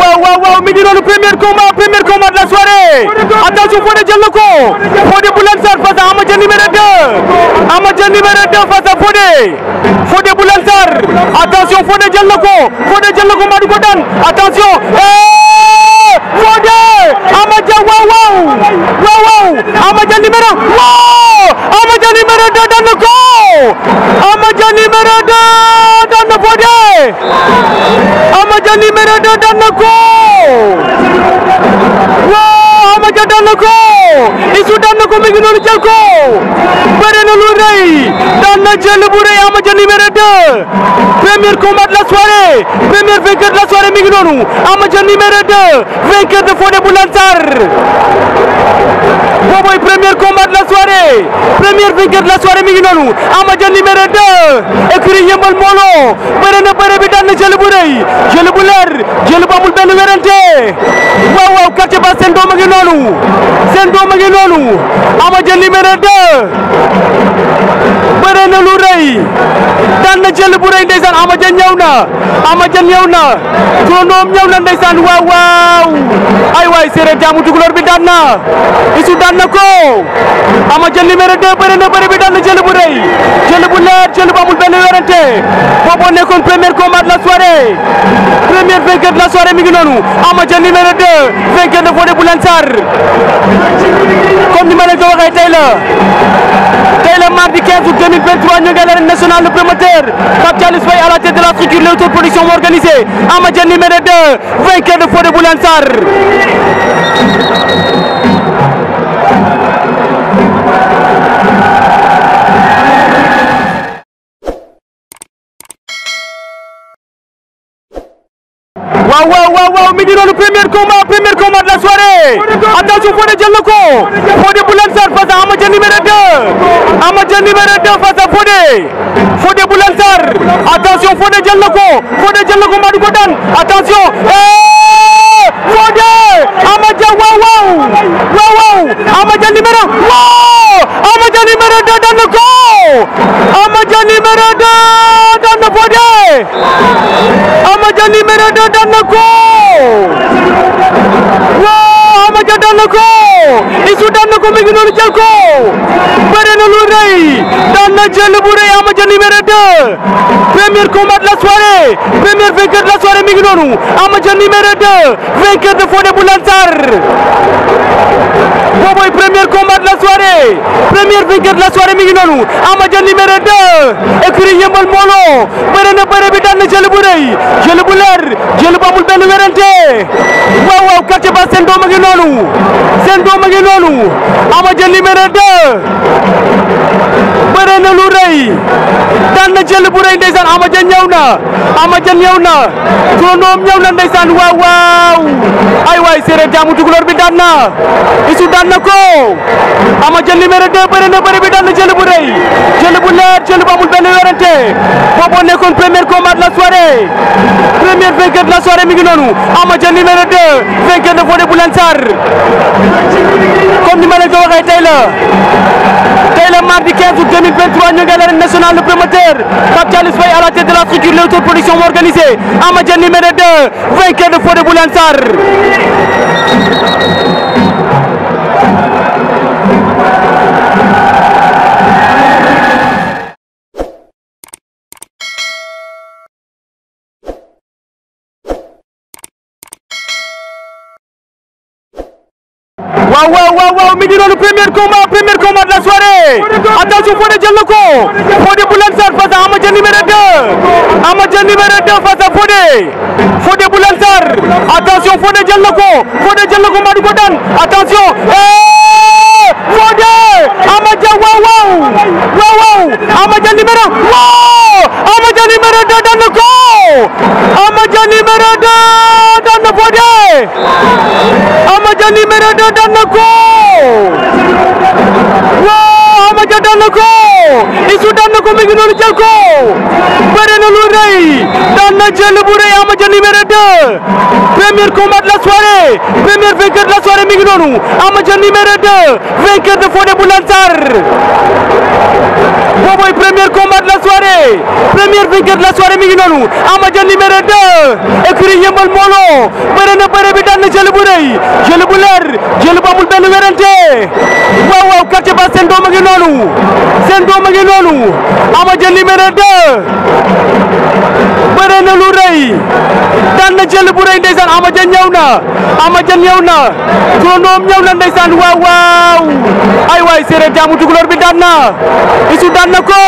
waaw waaw waaw waaw mi ngi noonu premier combat premier combat de la soirée attention Fodé jël na ko Fodé Boulansaar face Ama Dia numéro 2 Ama Dia numéro 2 face à Fodé jël na ko jël na ko mbaa du ko daan attention eh, numéro 2 daan na ko Badia daan na ko mi ngi noonu jël ko bëri lu rëy daan na jël bu rëy Ama Dia numéro premier combat la soirée premier vainqueur la soirée mi ngi noonu Ama Dia numéro 2 de Fodé bu Lansar booboy premier combat la soirée premier vainqueur la soirée mi ngi noonu Ama Dia numéro 2 écurie Yeumbeul Molo bëri na bëri bi daan na jël bu rëy jël bu leer benn wérante waaw waaw quartier ba seen doom a noonu noonu seen doom a ngi Ama Dia numéro 2 bëre na lu jël bu rëy ndeysaan Ama Dia ñëw na Ama Dia ñëw na turandoom ñëw na ndeysaan waaw waaw ay waay séeréer jaamu tukulóor bi daan na isu daan ko Ama Dia numéro 2 bëre na bëre jël bu rëy jël bu leer jël bu amul benn werante booboo nekkoon premier combat la soirée deuxième vainqueur de la soirée mi ngi noonu Ama Dia numéro 2 vainqueur de volet bu Lansar comme ni ma leen ko waxee tey la tey la mardi 15 août 2023 ñu ngi à l'arène nationale le promoteur Pape Thialis Faye à la tête de la structure Leewtoo production mu organisé Ama Dia numéro 2 vainqueur de volet bu Lansar mi ngi noonu premier combat premier combat de la soirée attention Fodé jël na Ama Dia numéro Ama Dia numéro 2 face à Fodé Fodé Boulane Sarr attention Fodé jël na ko Fodé Ama Dia waaw waaw waaw waaw Ama Ama Dia numéro 2 daan Isu daan na ko mi ngi noonu jël ko bëri na lu rëy daan na jël bu rëy Ama Dia numéro 2 premier combat la soirée premier vainqueur la soirée mi ngi noonu Ama Dia numéro 2 vainqueur de Fodé bu Lansar booboy premier combat la soirée premier vainqueur la soirée mi ngi noonu Ama Dia numéro 2 écurie Yeumbeul Molo na bëri bi daan na jël bu rëy jël bu seen doom a ngi noonu seen doom a ngi noonu Ama Dia numéro 2 bëre na lu rëy daan na Ama Dia na Ama Dia ñëw na turandoom ñëw na ndeysaan waaw waaw ay waay séeréer jaamu tukulóor bi daan isu daan ko Ama Dia numéro 2 bëre na bëre bi daan na jël amul benn werante moo nekkoon premier combat de la soirée premier vainqueur de la soirée mi ngi noonu Ama Dia numéro 2 vainqueur de Fodé bu Lansar comme ni ma leen ko waxee tey la tey la mardi 15 août 2023 ñu ngi à l'arène nationale le la tête de la structure Leewtoo production organisée Ama Dia numéro 2 vainqueur de Fodé bu Lansar waaw waaw waaw waaw mi ngi noonu premier combat premier combat de la soirée attention Fodé jël na ko Fodé Boulane Sarr face à Ama Dia numéro 2 Ama Dia numéro 2 face à Fodé Fodé Boulane Sarr attention Fodé jël na ko Fodé jël na ko mbaa du ko daan attention eh, Fodé Ama Dia waaw waaw waaw waaw Ama Dia numéro waaw Ama Dia numéro 2 daan na ko Ama Dia numéro 2 daan na Fodé Ama Dia numéro 2 daan na ko waaw Ama Dia daan na ko Isu daan na ko mi ngi noonu jël ko bëre na lu rëy jël bu rëy Ama Dia numéro 2 premier combat la soirée premier vainqueur la soirée mi ngi noonu Ama Dia numéro 2 vainqueur de Fodé bu Lansar premier combat la soirée premier vainqueur la soirée mi ngi noonu Ama Dia numéro 2 écurie Yeumbeul Molo bëre na bëre bi daan na jël bu rëy jël bu jël bu amul benn werante waaw waaw quartier ba seen doom a ngi noonu seen doom a ngi noonu Ama Dia numéro 2 bëre na lu rëy daan na jël bu rëy ndeysaan Ama Dia ñëw na Ama Dia ñëw na turandoom ñëw na ndeysaan waaw waaw ay waay séeréer jaamu tukulóor bi daan na isu daan na ko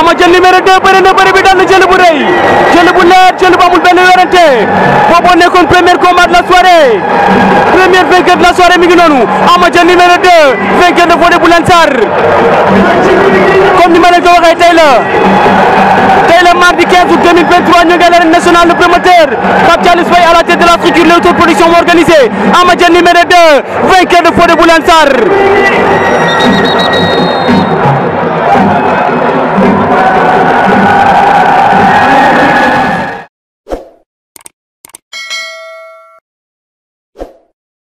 Ama Dia numéro 2 bëre na daan na jël bu jël bu jël bu amul benn werante booboo nekkoon premier combat de la premier vainqueur de la mi ngi noonu Ama Dia numéro 2 vainqueur de Fodé Boulansar comme ni ma leen ko waxee tey la Et le mardi 15 août 2023 une national le promoteur Pape à la tête de la structure l'autoproduction organisée Amadja numéro 2 vainqueur de Fodé Boulansar